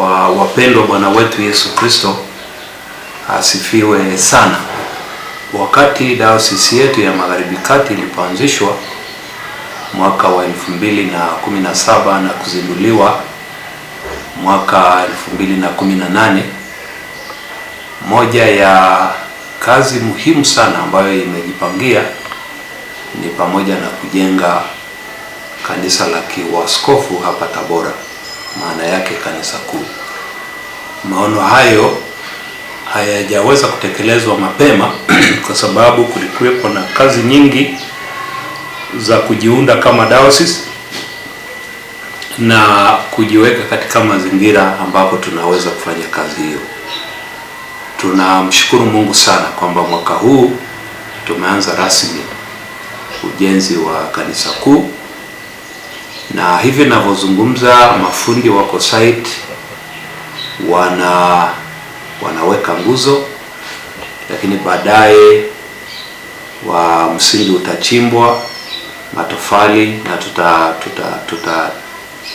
wa wapendwa Bwana wetu Yesu Kristo asifiwe sana. Wakati dayosisi yetu ya Magharibi Kati ilipoanzishwa mwaka wa 2017 na, na kuzinduliwa mwaka 2018, moja ya kazi muhimu sana ambayo imejipangia ni pamoja na kujenga kanisa la kiwaskofu hapa Tabora maana yake kanisa kuu. Maono hayo hayajaweza kutekelezwa mapema kwa sababu kulikuwepo na kazi nyingi za kujiunda kama diocese na kujiweka katika mazingira ambapo tunaweza kufanya kazi hiyo. Tunamshukuru Mungu sana kwamba mwaka huu tumeanza rasmi ujenzi wa kanisa kuu na hivi ninavyozungumza, mafundi wako site wana wanaweka nguzo, lakini baadaye wa msingi utachimbwa matofali na tuta, tuta, tuta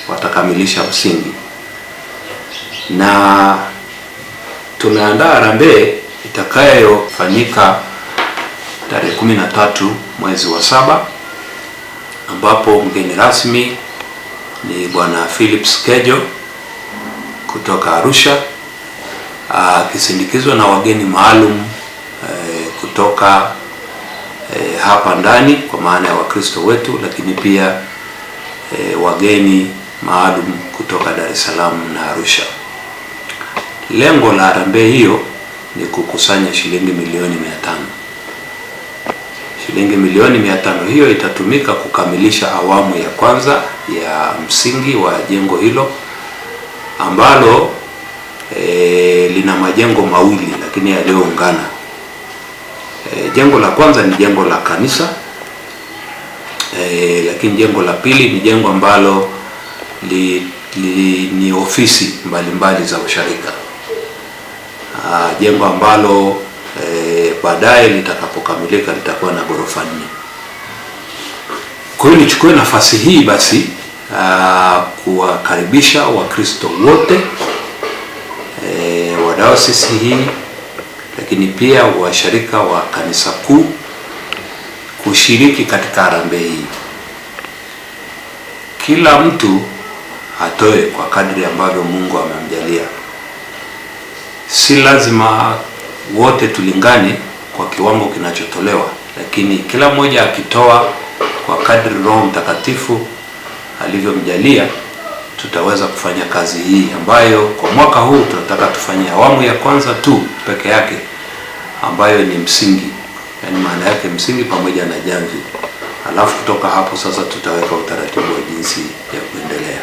watakamilisha msingi na tumeandaa harambee itakayofanyika tarehe 13 mwezi wa saba ambapo mgeni rasmi ni Bwana Philips Kejo kutoka Arusha akisindikizwa na wageni maalum e, kutoka e, hapa ndani kwa maana ya Wakristo wetu, lakini pia e, wageni maalum kutoka Dar es Salaam na Arusha. Lengo la harambee hiyo ni kukusanya shilingi milioni mia tano. Shilingi milioni mia tano hiyo itatumika kukamilisha awamu ya kwanza ya msingi wa jengo hilo ambalo e, lina majengo mawili lakini yaliyoungana. E, jengo la kwanza ni jengo la kanisa e, lakini jengo la pili ni jengo ambalo li, li, ni ofisi mbalimbali mbali za ushirika. Ah, jengo ambalo e, baadaye litakapokamilika litakuwa na ghorofa nne. Kwa hiyo nichukue nafasi hii basi ah, kuwakaribisha Wakristo wote e, wa dayosisi hii lakini pia washarika wa kanisa kuu kushiriki katika harambee hii. Kila mtu atoe kwa kadri ambavyo Mungu amemjalia. Si lazima wote tulingane kwa kiwango kinachotolewa, lakini kila mmoja akitoa kwa kadri Roho Mtakatifu alivyomjalia tutaweza kufanya kazi hii ambayo kwa mwaka huu tunataka tufanye awamu ya kwanza tu peke yake, ambayo ni msingi, yaani maana yake msingi pamoja na jamvi. Alafu kutoka hapo sasa tutaweka utaratibu wa jinsi ya kuendelea.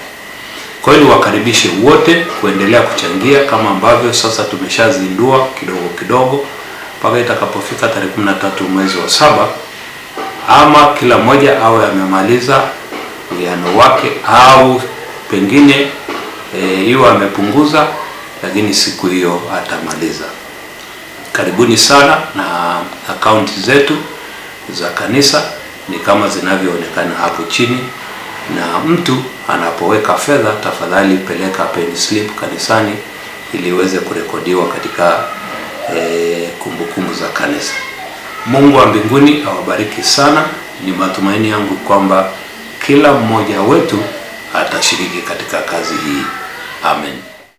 Kwa hiyo niwakaribishe wote kuendelea kuchangia kama ambavyo sasa tumeshazindua kidogo kidogo mpaka itakapofika tarehe tatu mwezi wa saba, ama kila mmoja awe amemaliza uwiano wake au pengine hiyo eh, e, amepunguza lakini siku hiyo atamaliza. Karibuni sana na akaunti zetu za kanisa ni kama zinavyoonekana hapo chini, na mtu anapoweka fedha, tafadhali peleka payslip kanisani ili iweze kurekodiwa katika e, kumbukumbu za kanisa. Mungu wa mbinguni awabariki sana. Ni matumaini yangu kwamba kila mmoja wetu atashiriki katika kazi hii. Amen.